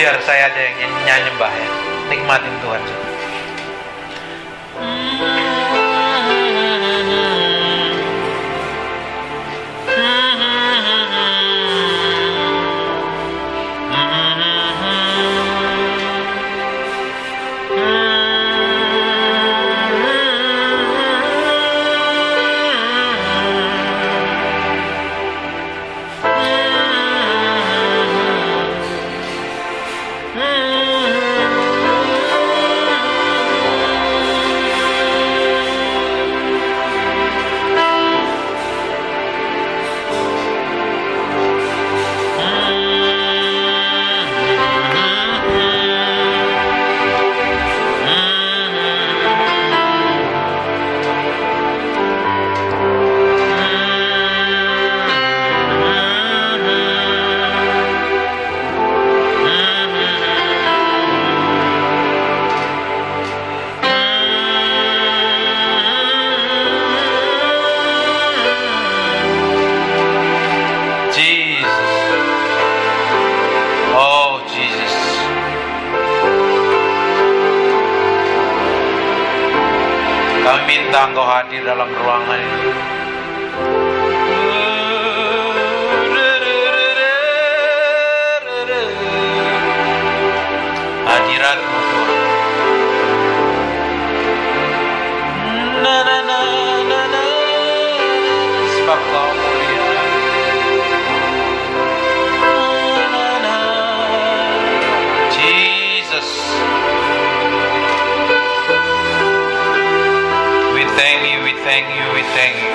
biar saya ada yang nyanyi mbah ya nikmatin Tuhan kita engkau hadir dalam ruangan ini thing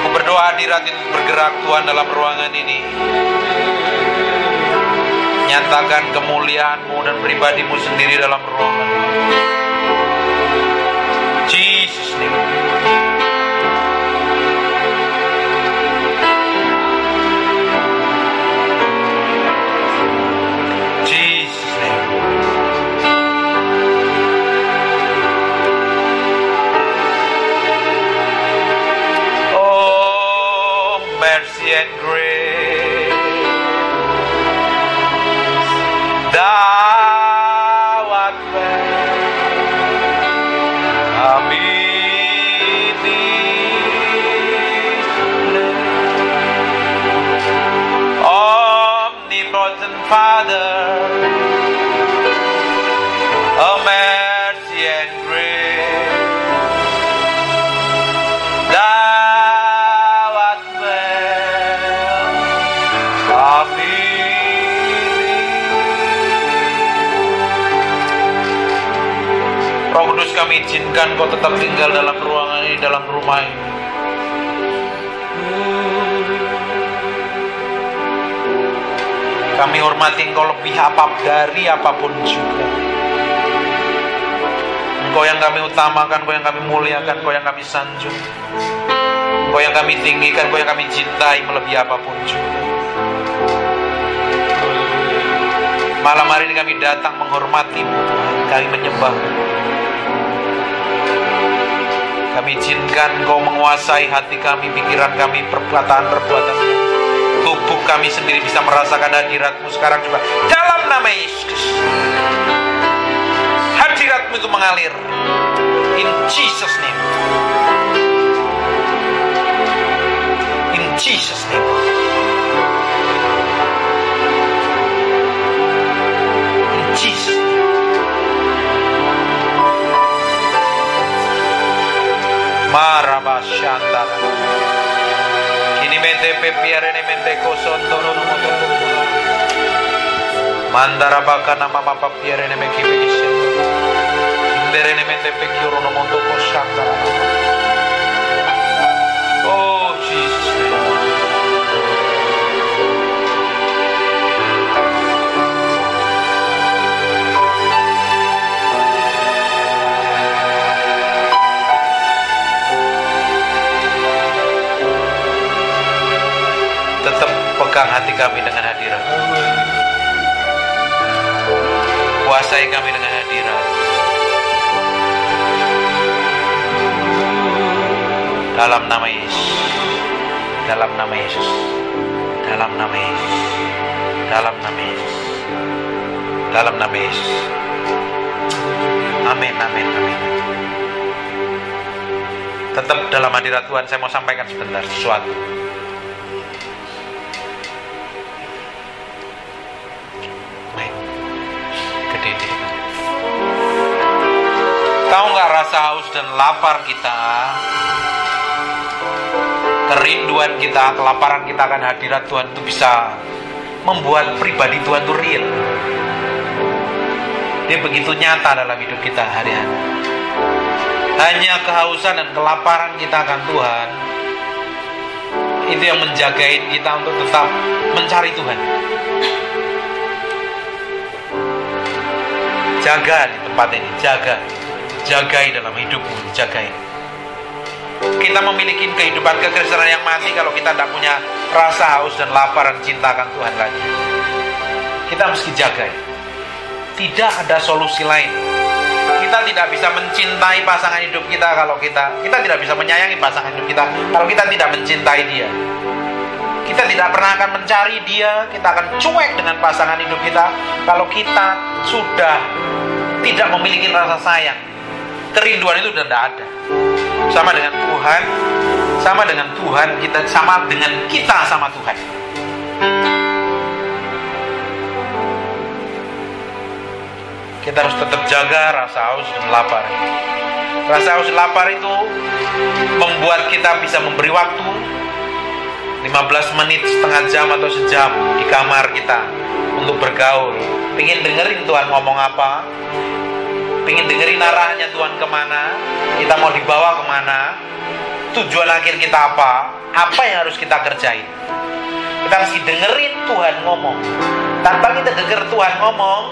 Aku berdoa hadirat itu bergerak Tuhan dalam ruangan ini. Nyatakan kemuliaanmu dan pribadimu sendiri dalam ruangan ini. Jesus name. and grace. Roh Kudus kami izinkan kau tetap tinggal dalam ruangan ini, dalam rumah ini. Kami hormati engkau lebih apa dari apapun juga. Engkau yang kami utamakan, engkau yang kami muliakan, engkau yang kami sanjung. Engkau yang kami tinggikan, engkau yang kami cintai melebihi apapun juga. Malam hari ini kami datang menghormatimu, kami menyembah. Kami izinkan kau menguasai hati kami, pikiran kami, perbuatan perbuatan Tubuh kami sendiri bisa merasakan hadiratmu sekarang juga. Dalam nama Yesus. Hadiratmu itu mengalir. In Jesus name. In Jesus name. Marabashanda Kinimente pepiare nemente kosondoro nomoto Mandarabaka namama papiare nemeki bekisendo Indere nemente pekioro nomoto kosandara Oh Pegang hati kami dengan hadirat. Kuasai kami dengan hadirat. Dalam nama Yesus. Dalam nama Yesus. Dalam nama Yesus. Dalam nama Yesus. Dalam nama Yesus. Amin, amin, amin. Tetap dalam hadirat Tuhan saya mau sampaikan sebentar sesuatu. haus dan lapar kita kerinduan kita, kelaparan kita akan hadirat Tuhan itu bisa membuat pribadi Tuhan itu real dia begitu nyata dalam hidup kita hari-hari hanya kehausan dan kelaparan kita akan Tuhan itu yang menjagain kita untuk tetap mencari Tuhan jaga di tempat ini jaga jagai dalam hidupmu jagai kita memiliki kehidupan kekristenan yang mati kalau kita tidak punya rasa haus dan lapar dan cinta akan Tuhan lagi kita mesti jagai tidak ada solusi lain kita tidak bisa mencintai pasangan hidup kita kalau kita kita tidak bisa menyayangi pasangan hidup kita kalau kita tidak mencintai dia kita tidak pernah akan mencari dia kita akan cuek dengan pasangan hidup kita kalau kita sudah tidak memiliki rasa sayang kerinduan itu sudah tidak ada sama dengan Tuhan sama dengan Tuhan kita sama dengan kita sama Tuhan kita harus tetap jaga rasa haus dan lapar rasa haus dan lapar itu membuat kita bisa memberi waktu 15 menit setengah jam atau sejam di kamar kita untuk bergaul ingin dengerin Tuhan ngomong apa pengen dengerin arahnya Tuhan kemana kita mau dibawa kemana tujuan akhir kita apa apa yang harus kita kerjain kita mesti dengerin Tuhan ngomong tanpa kita denger Tuhan ngomong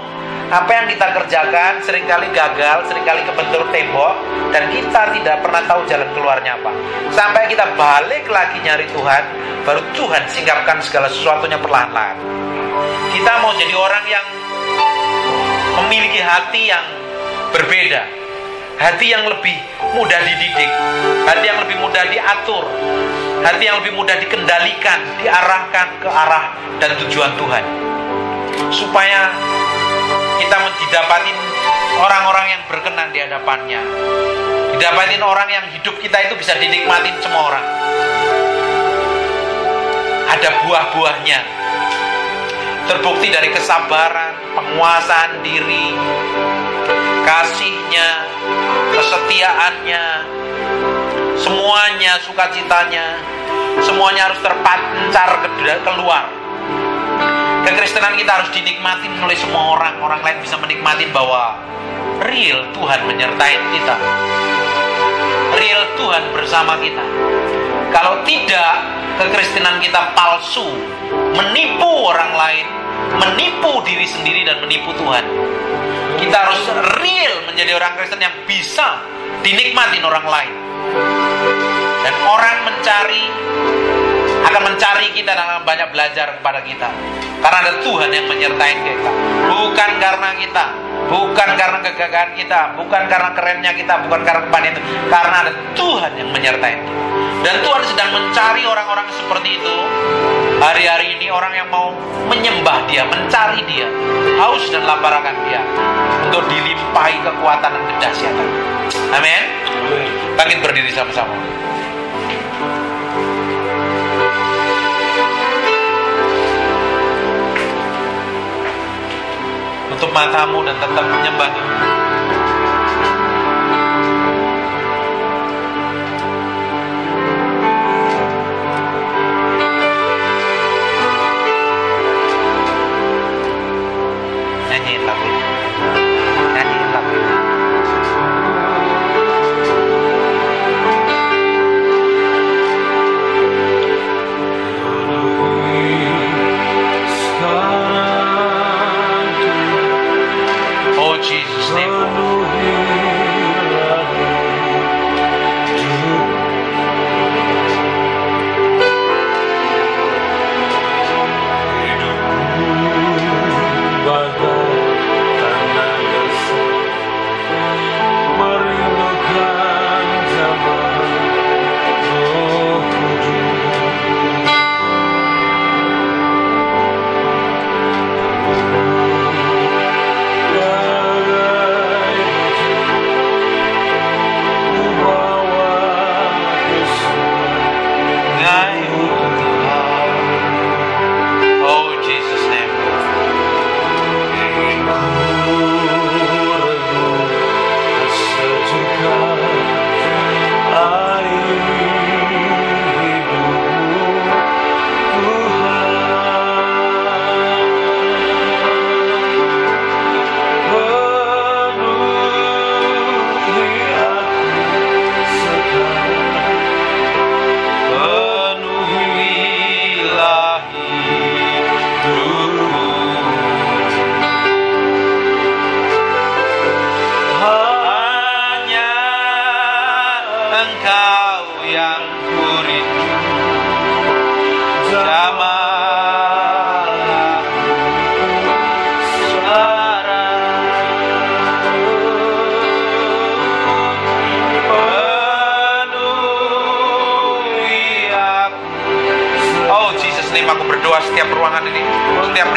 apa yang kita kerjakan seringkali gagal, seringkali kebentur tembok dan kita tidak pernah tahu jalan keluarnya apa. Sampai kita balik lagi nyari Tuhan, baru Tuhan singkapkan segala sesuatunya perlahan-lahan. Kita mau jadi orang yang memiliki hati yang berbeda hati yang lebih mudah dididik hati yang lebih mudah diatur hati yang lebih mudah dikendalikan diarahkan ke arah dan tujuan Tuhan supaya kita mendapati orang-orang yang berkenan di hadapannya didapatin orang yang hidup kita itu bisa dinikmatin semua orang ada buah-buahnya terbukti dari kesabaran penguasaan diri kasihnya, kesetiaannya, semuanya sukacitanya, semuanya harus terpancar keluar. Kekristenan kita harus dinikmati oleh semua orang. Orang lain bisa menikmati bahwa real Tuhan menyertai kita. Real Tuhan bersama kita. Kalau tidak, kekristenan kita palsu, menipu orang lain, menipu diri sendiri dan menipu Tuhan. Kita harus real menjadi orang Kristen yang bisa dinikmati orang lain. Dan orang mencari akan mencari kita dan akan banyak belajar kepada kita. Karena ada Tuhan yang menyertai kita. Bukan karena kita, bukan karena kegagahan kita, bukan karena kerennya kita, bukan karena kepan itu. Karena ada Tuhan yang menyertai kita. Dan Tuhan sedang mencari orang-orang seperti itu Hari-hari ini orang yang mau menyembah dia, mencari dia, haus dan lapar akan dia untuk dilimpahi kekuatan dan kedahsyatan. Amin. Bangkit berdiri sama-sama. Tutup matamu dan tetap menyembah dia.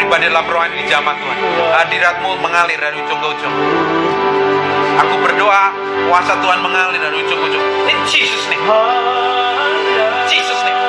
pribadi dalam rohani di jamaah Tuhan. Hadiratmu mengalir dari ujung ke ujung. Aku berdoa kuasa Tuhan mengalir dari ujung ke ujung. Ini Jesus nih. Jesus nih.